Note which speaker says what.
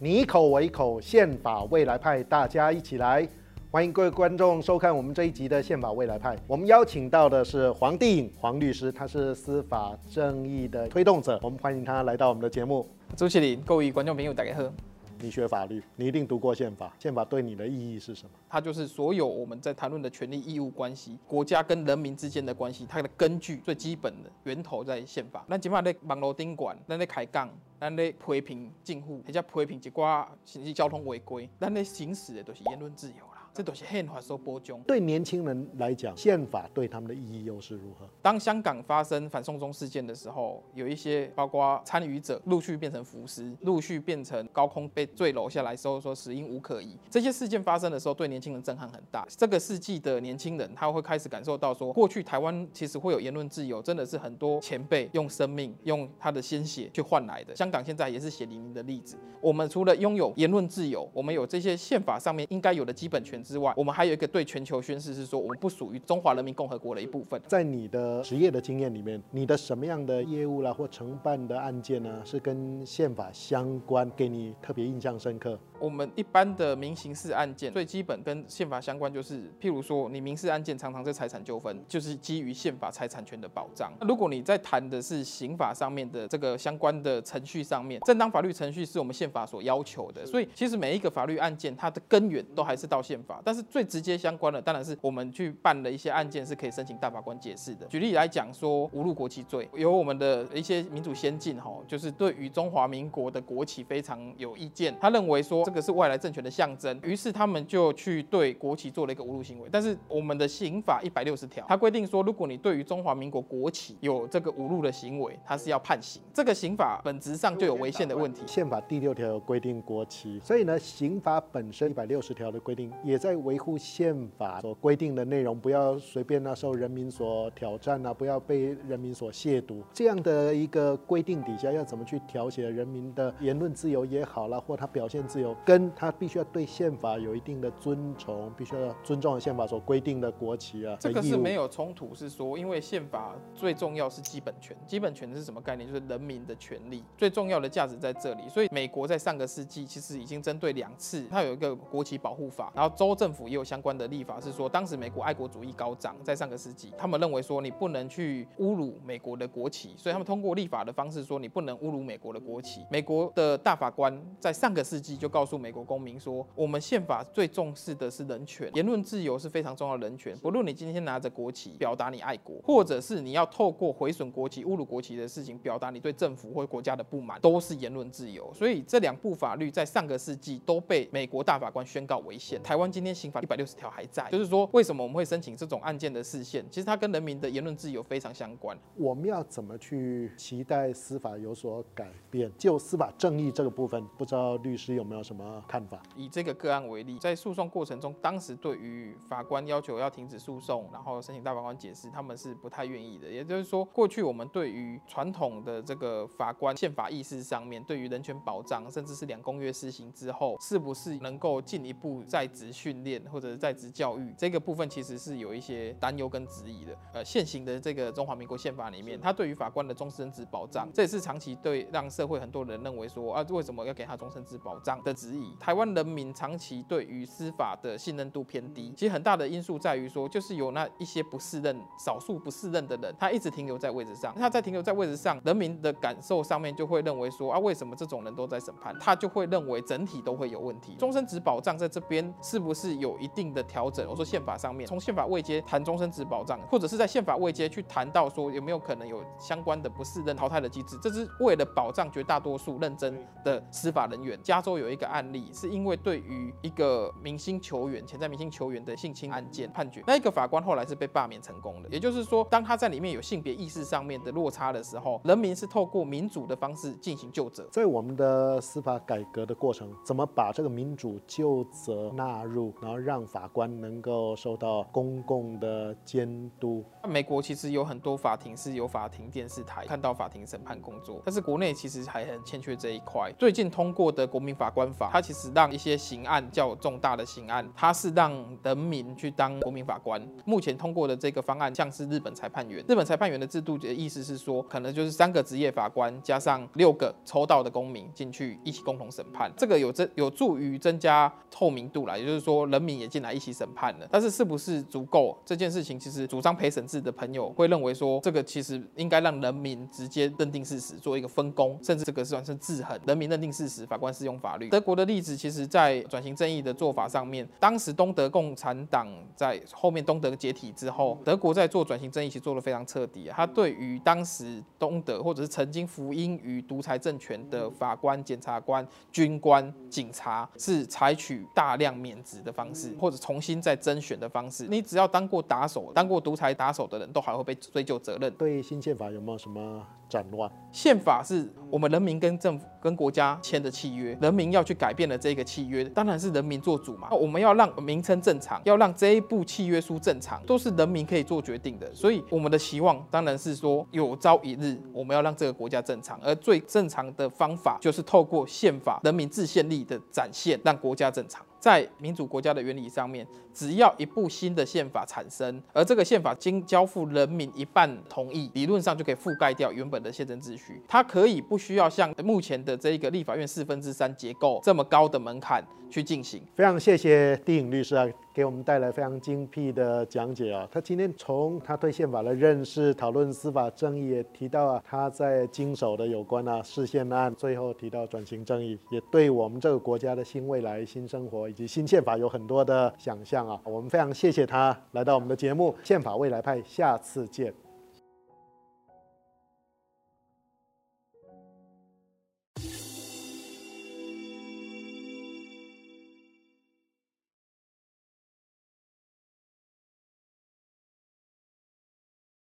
Speaker 1: 你一口我一口，憲法未來派，大家一起來！歡迎各位觀眾收看我們這一集的憲法未來派。我們邀請到的是黃帝穎黃律師，他是司法正義的推動者，我們歡迎他來到我們的節目。主持人，各位觀眾朋友，大家好。你學法律，你一定讀過憲法。憲法對你的意義是什麼？
Speaker 2: 它就是所有我們在談論的權利義務關係，國家跟人民之間的關係，它的根據最基本的源頭在憲法。咱今嘛在網絡頂講，咱在開槓，咱在批評政府，或者批評一掛甚至交通違規，咱在行使的都是言論自由。這都是憲法受波及。
Speaker 1: 對年輕人來講，憲法對他們的意義又是如何？
Speaker 2: 當香港發生反送中事件的時候，有一些包括參與者陸續變成浮屍，陸續變成高空被墜樓下來時，說說死因無可疑。這些事件發生的時候，對年輕人震撼很大。這個世紀的年輕人，他會開始感受到說，過去台灣其實會有言論自由，真的是很多前輩用生命、用他的鮮血去換來的。香港現在也是血淋淋的例子。我們除了擁有言論自由，我們有這些憲法上面應該有的基本權之外，我們還有一個對全球宣示，是說我們不屬於中華人民共和國的一部分。在
Speaker 1: 你的職業的經驗裡面，你的什麼樣的業務啦，或承辦的案件呢、啊，是跟憲法相關，給你特別印象深刻？
Speaker 2: 我們一般的民刑事案件，最基本跟憲法相關，就是譬如說你民事案件常常是財產糾紛，就是基於憲法財產權的保障。如果你在談的是刑法上面的這個相關的程序上面，正當法律程序是我們憲法所要求的，所以其實每一個法律案件它的根源都還是到憲法。但是最直接相關的當然是我們去辦的一些案件是可以申請大法官解釋的。舉例來講說，侮辱國旗罪，由我們的一些民主先進哈，就是對於中華民國的國旗非常有意見，他認為說這個是外來政權的象徵，於是他們就去對國旗做了一個侮辱行為。但是我們的刑法一百六十條，它規定說，如果你對於中華民國國旗有這個侮辱的行為，它是要判刑。這個刑法本質上就有違憲的問題。
Speaker 1: 憲法第六條有規定國旗，所以呢，刑法本身一百六十條的規定也，在維護憲法所規定的內容，不要隨便那時受人民所挑戰啊，不要被人民所褻瀆。這樣的一個規定底下，要怎麼去調節人民的言論自由也好啦，或他表現自由，跟他必須要對憲法有一定的尊崇，必須要尊重憲法所規定的國旗啊。這個是沒
Speaker 2: 有衝突，是說因為憲法最重要是基本權，基本權是什麼概念？就是人民的權利，最重要的價值在這裡。所以美國在上個世紀其實已經針對兩次，它有一個國旗保護法，然後州。政府也有相關的立法，是說當時美國愛國主義高漲，在上個世紀，他們認為說你不能去侮辱美國的國旗，所以他們通過立法的方式說你不能侮辱美國的國旗。美國的大法官在上個世紀就告訴美國公民說，我們憲法最重視的是人權，言論自由是非常重要的人權。不論你今天拿着國旗表達你愛國，或者是你要透過毀損國旗、侮辱國旗的事情表達你對政府或國家的不滿，都是言論自由。所以這兩部法律在上個世紀都被美國大法官宣告違憲。台灣今天今天《刑法》一百六十條還在，就是說，為什麼我們會申請這種案件的釋憲？其實它跟人民的言論自由非常相關。
Speaker 1: 我們要怎麼去期待司法有所改變？就司法正義這個部分，不知道律師有沒有什麼看法？
Speaker 2: 以這個個案為例，在訴訟過程中，當時對於法官要求要停止訴訟，然後申請大法官解釋，他們是不太願意的。也就是說，過去我們對於傳統的這個法官憲法意識上面，對於人權保障，甚至是兩公約施行之後，是不是能夠進一步在執行？訓練或者在職教育這個部分其實是有一些擔憂跟質疑的。呃，現行的這個中華民國憲法裡面，它對於法官的終身職保障，這也是長期對讓社會很多人認為說啊，為什麼要給他終身職保障的質疑。台灣人民長期對於司法的信任度偏低，其實很大的因素在於說，就是有那一些不適任、少數不適任的人，他一直停留在位置上。他在停留在位置上，人民的感受上面就會認為說啊，為什麼這種人都在審判？他就會認為整體都會有問題。終身職保障在這邊是不。是有一定的調整。我說憲法上面，從憲法位階談終身職保障，或者是在憲法位階去談到說有沒有可能有相關的不適任淘汰的機制，這是為了保障絕大多數認真的司法人員。加州有一個案例，是因為對於一個明星球員、潛在明星球員的性侵案件判決，那一個法官後來是被罷免成功的。也就是說，當他在裡面有性別意識上面的落差的時候，人民是透過民主的方
Speaker 1: 式進行究責。所以我們的司法改革的過程，怎麼把這個民主究責納入？然後讓法官能夠受到公共的監督。
Speaker 2: 那美國其實有很多法庭是由法庭電視台看到法庭審判工作，但是國內其實還很欠缺這一塊。最近通過的《國民法官法》，它其實讓一些刑案較重大的刑案，它是讓人民去當國民法官。目前通過的這個方案，像是日本裁判員、日本裁判員的制度的意思是說，可能就是三個職業法官加上六個抽到的公民進去一起共同審判，這個有增有助於增加透明度啦，也就是說。人民也進來一起審判了，但是是不是足夠這件事情？其實主張陪審制的朋友會認為說，這個其實應該讓人民直接認定事實，做一個分工，甚至這個算是制衡。人民認定事實，法官適用法律。德國的例子，其實在轉型正義的做法上面，當時東德共產黨在後面東德解體之後，德國在做轉型正義，其實做得非常徹底啊。他對於當時東德或者是曾經服膺於獨裁政權的法官、檢察官、軍官、警察，是採取大量免職的方式，或者重新再甄選的方式，你只要當過打手、當過獨裁打手的人，都還會被追究責任。對新憲法有沒有什麼？戰亂憲法是我們人民跟政府跟國家簽的契約，人民要去改變了這個契約，當然是人民做主嘛。我們要讓名稱正常，要讓這一部契約書正常，都是人民可以做決定的。所以我們的希望當然是說，有朝一日我們要讓這個國家正常，而最正常的方法就是透過憲法人民制憲力的展現，讓國家正常。在民主國家的原理上面，只要一部新的憲法產生，而這個憲法經交付人民一半同意，理論上就可以覆蓋掉原本。的憲政秩序，它可以不需要像目前的這一個立法院四分之三結構這麼高的門檻去進行。非常
Speaker 1: 謝謝帝穎律師啊，給我們帶來非常精闢的講解啊。他今天從他對憲法的認識，討論司法正義，也提到啊他在經手的有關啊釋憲案，最後提到轉型正義，也對我們這個國家的新未來、新生活以及新憲法有很多的想象啊。我們非常謝謝他來到我們的節目《憲法未來派》，下次見。